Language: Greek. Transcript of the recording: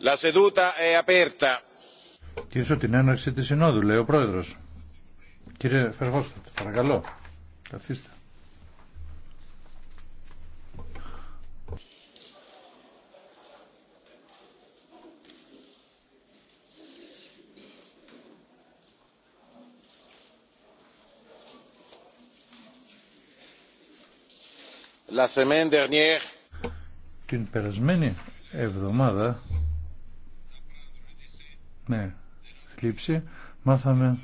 La seduta è aperta. Κυρίσω την έναρξη της συνόδου, λέει ο πρόεδρος. Κύριε Φερβόστατ, παρακαλώ. Καθίστε. La semaine dernière. Την περασμένη εβδομάδα ναι, θλίψη μάθαμε